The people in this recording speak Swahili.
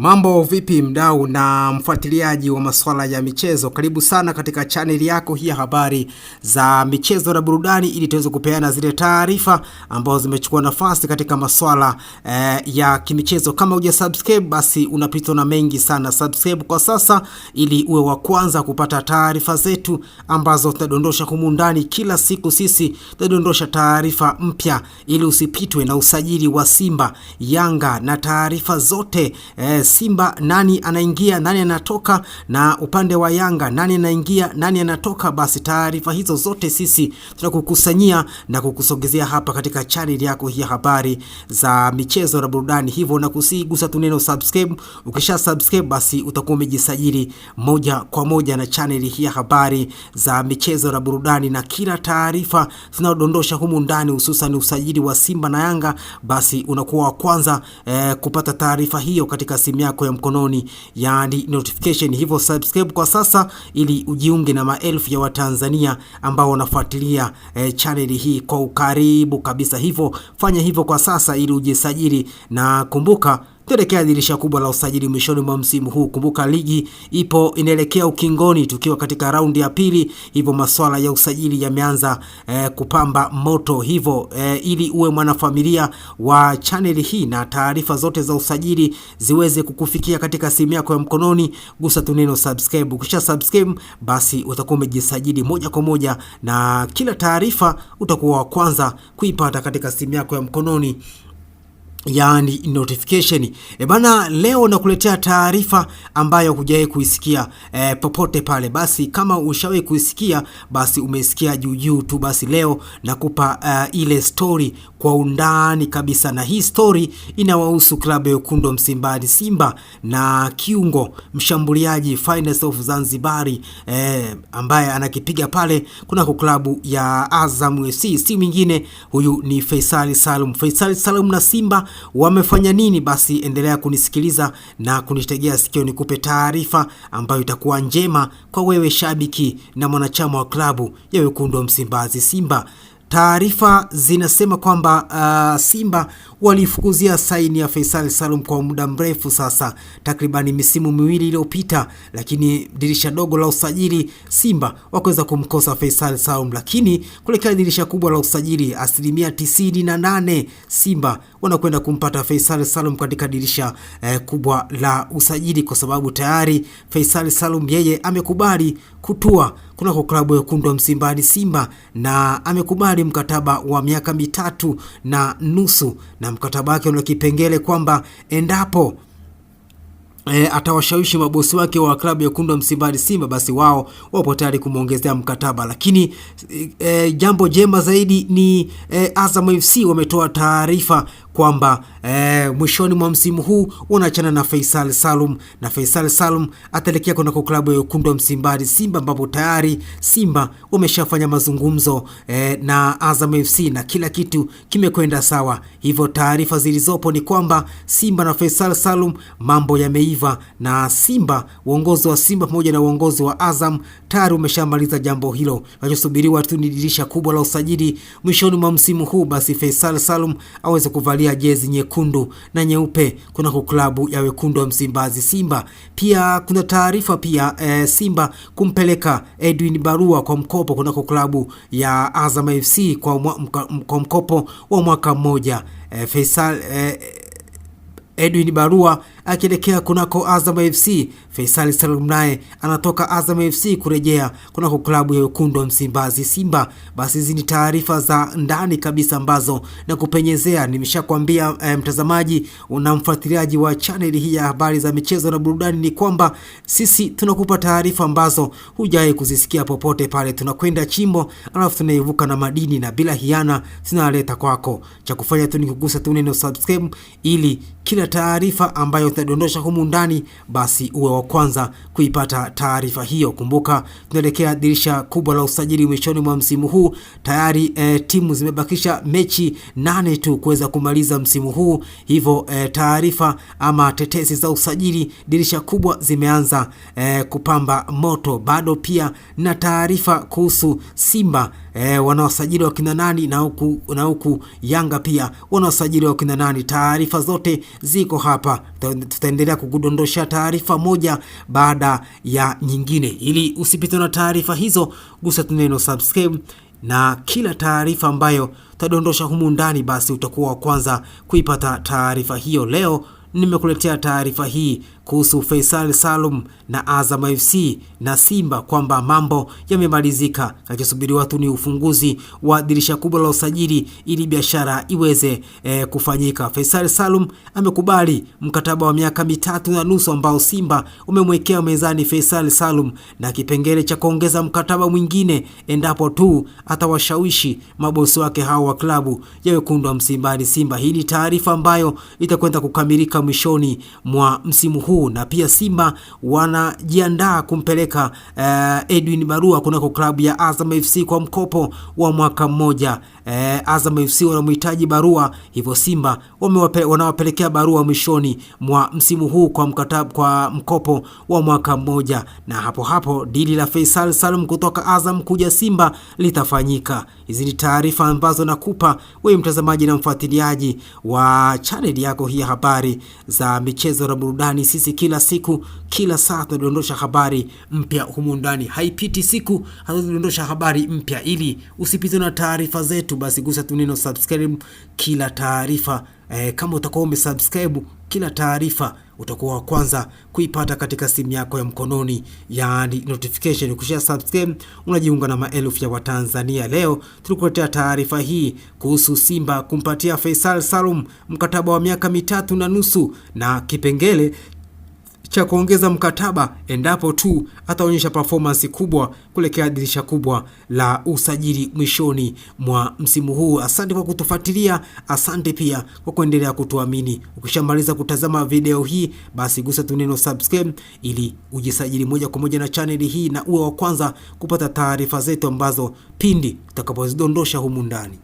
Mambo vipi mdau na mfuatiliaji wa masuala ya michezo, karibu sana katika chaneli yako hii habari za michezo na burudani, ili tuweze kupeana zile taarifa ambazo zimechukua nafasi katika masuala eh, ya kimichezo. Kama uja subscribe, basi unapitwa na mengi sana. Subscribe kwa sasa, ili uwe wa kwanza kupata taarifa zetu ambazo tutadondosha humu ndani kila siku. Sisi tunadondosha taarifa mpya, ili usipitwe na usajili wa Simba, Yanga na taarifa zote eh, Simba nani anaingia, nani anatoka, na upande wa Yanga nani anaingia, nani anatoka, basi taarifa hizo zote sisi tunakukusanyia na kukusogezea hapa katika chaneli yako hii ya habari za michezo na burudani. Hivyo na kusigusa tu neno subscribe. Ukisha subscribe, basi utakuwa umejisajili moja kwa moja na chaneli hii ya habari za michezo na burudani, na kila taarifa tunayodondosha humu ndani, hususan usajili wa Simba na Yanga, basi unakuwa wa kwanza eh, kupata taarifa hiyo katika simu simu yako ya mkononi, yaani notification. Hivyo subscribe kwa sasa ili ujiunge na maelfu ya Watanzania ambao wanafuatilia eh, chaneli hii kwa ukaribu kabisa. Hivyo fanya hivyo kwa sasa ili ujisajili, na kumbuka kuelekea dirisha kubwa la usajili mwishoni mwa msimu huu. Kumbuka ligi ipo inaelekea ukingoni, tukiwa katika raundi ya pili, hivyo masuala ya usajili yameanza eh, kupamba moto. Hivyo eh, ili uwe mwanafamilia wa chaneli hii na taarifa zote za usajili ziweze kukufikia katika simu yako ya mkononi, gusa tu neno subscribe. Ukisha subscribe, basi utakuwa umejisajili moja kwa moja na kila taarifa utakuwa wa kwanza kuipata katika simu yako ya mkononi yani notification. E bana, leo nakuletea taarifa ambayo hujawahi kuisikia e, popote pale. Basi kama ushawahi kuisikia, basi umesikia juujuu tu. Basi leo nakupa uh, ile story kwa undani kabisa, na hii stori inawahusu klabu ya ukundo Msimbazi Simba na kiungo mshambuliaji Finest of Zanzibari eh, ambaye anakipiga pale kunako klabu ya Azam FC, si mwingine huyu ni Faisal Salum. Faisal Salum na Simba wamefanya nini? Basi endelea kunisikiliza na kunitegea sikio, nikupe taarifa ambayo itakuwa njema kwa wewe shabiki na mwanachama wa klabu ya Wekundu Msimbazi Simba. Taarifa zinasema kwamba uh, Simba walifukuzia saini ya Faisal Salum kwa muda mrefu sasa, takribani misimu miwili iliyopita, lakini dirisha dogo la usajili Simba wakaweza kumkosa Faisal Salum, lakini kuelekea dirisha kubwa la usajili, asilimia 98 Simba wanakwenda kumpata Faisal Salum katika dirisha eh, kubwa la usajili, kwa sababu tayari Faisal Salum yeye amekubali kutua kunako klabu ya wekundu wa Simba na amekubali alikubali mkataba wa miaka mitatu na nusu, na mkataba wake una kipengele kwamba endapo E, atawashawishi mabosi wake wa klabu ya kundwa msimbari Msimbazi Simba, basi wao wapo tayari kumwongezea mkataba. Lakini e, jambo jema zaidi ni e, Azam FC wametoa taarifa kwamba e, ambaye mwishoni mwa msimu huu wanaachana na Faisal Salum, na Faisal Salum ataelekea kwa klabu ya wekundu wa Msimbazi Simba, ambapo tayari Simba wameshafanya mazungumzo eh, na Azam FC na kila kitu kimekwenda sawa. Hivyo taarifa zilizopo ni kwamba Simba na Faisal Salum mambo yameiva, na Simba, uongozi wa Simba pamoja na uongozi wa Azam tayari umeshamaliza jambo hilo. Kinachosubiriwa tu ni dirisha kubwa la usajili mwishoni mwa msimu huu, basi Faisal Salum aweze kuvalia jezi nyekundu na nyeupe kunako klabu ya wekundu wa Msimbazi Simba. Pia kuna taarifa pia e, Simba kumpeleka Edwin Barua kwa mkopo kunako klabu ya Azam FC kwa, mka, kwa mkopo wa mwaka mmoja e, Faisal e, Edwin Barua akielekea kunako Azam FC. Faisal Salum naye anatoka Azam FC kurejea kunako klabu ya wekundu wa Msimbazi, Simba. Basi hizi ni taarifa za ndani kabisa ambazo na kupenyezea. Nimeshakwambia eh, mtazamaji na mfuatiliaji wa channel hii ya habari za michezo na burudani, ni kwamba sisi tunakupa taarifa ambazo hujai kuzisikia popote pale. Tunakwenda chimbo alafu tunaivuka na madini, na bila hiana tunaleta kwako. Cha kufanya tu ni kugusa tu neno subscribe, ili kila taarifa ambayo tutadondosha humu ndani, basi uwe wa kwanza kuipata taarifa hiyo. Kumbuka tunaelekea dirisha kubwa la usajili mwishoni mwa msimu huu tayari. E, timu zimebakisha mechi nane tu kuweza kumaliza msimu huu, hivyo e, eh, taarifa ama tetesi za usajili dirisha kubwa zimeanza e, kupamba moto. Bado pia na taarifa kuhusu Simba e, eh, wanawasajili kina nani na huku na huku Yanga pia wanawasajili kina nani. Taarifa zote ziko hapa, tutaendelea kukudondosha taarifa moja baada ya nyingine, ili usipitwe na taarifa hizo. Gusa tu neno subscribe na kila taarifa ambayo tadondosha humu ndani, basi utakuwa wa kwanza kuipata taarifa hiyo. Leo nimekuletea taarifa hii kuhusu Faisal Salum na Azam FC na Simba kwamba mambo yamemalizika. Kinachosubiriwa tu ni ufunguzi wa dirisha kubwa la usajili ili biashara iweze e, kufanyika. Faisal Salum amekubali mkataba wa miaka mitatu na nusu ambao Simba umemwekea mezani Faisal Salum na kipengele cha kuongeza mkataba mwingine endapo tu atawashawishi mabosi wake hao wa klabu ya wekundu wa Simba. Hii ni taarifa ambayo itakwenda kukamilika mwishoni mwa msimu huu huu na pia Simba wanajiandaa kumpeleka uh, Edwin Barua kunako klabu ya Azam FC kwa mkopo wa mwaka mmoja. Uh, Azam FC wanamhitaji Barua, hivyo Simba wanawapelekea Barua mwishoni mwa msimu huu kwa mkataba, kwa mkopo wa mwaka mmoja, na hapo hapo dili la Faisal Salum kutoka Azam kuja Simba litafanyika. Hizi ni taarifa ambazo nakupa wewe mtazamaji na mfuatiliaji wa channel yako hii ya habari za michezo na burudani sisi sisi kila siku, kila saa tunadondosha habari mpya humu ndani, haipiti siku hatudondosha habari mpya. Ili usipitwe na taarifa zetu, basi gusa tu neno subscribe kila taarifa eh, kama utakuwa umesubscribe kila taarifa utakuwa wa kwanza kuipata katika simu yako ya mkononi, yani notification. Ukishia subscribe unajiunga na maelfu ya Watanzania. Leo tulikuletea taarifa hii kuhusu Simba kumpatia Faisal Salum mkataba wa miaka mitatu na nusu na kipengele cha kuongeza mkataba endapo tu ataonyesha performance kubwa kuelekea dirisha kubwa la usajili mwishoni mwa msimu huu. Asante kwa kutufuatilia, asante pia kwa kuendelea kutuamini. Ukishamaliza kutazama video hii, basi gusa tu neno subscribe ili ujisajili moja kwa moja na chaneli hii na uwe wa kwanza kupata taarifa zetu ambazo pindi tutakapozidondosha humu ndani.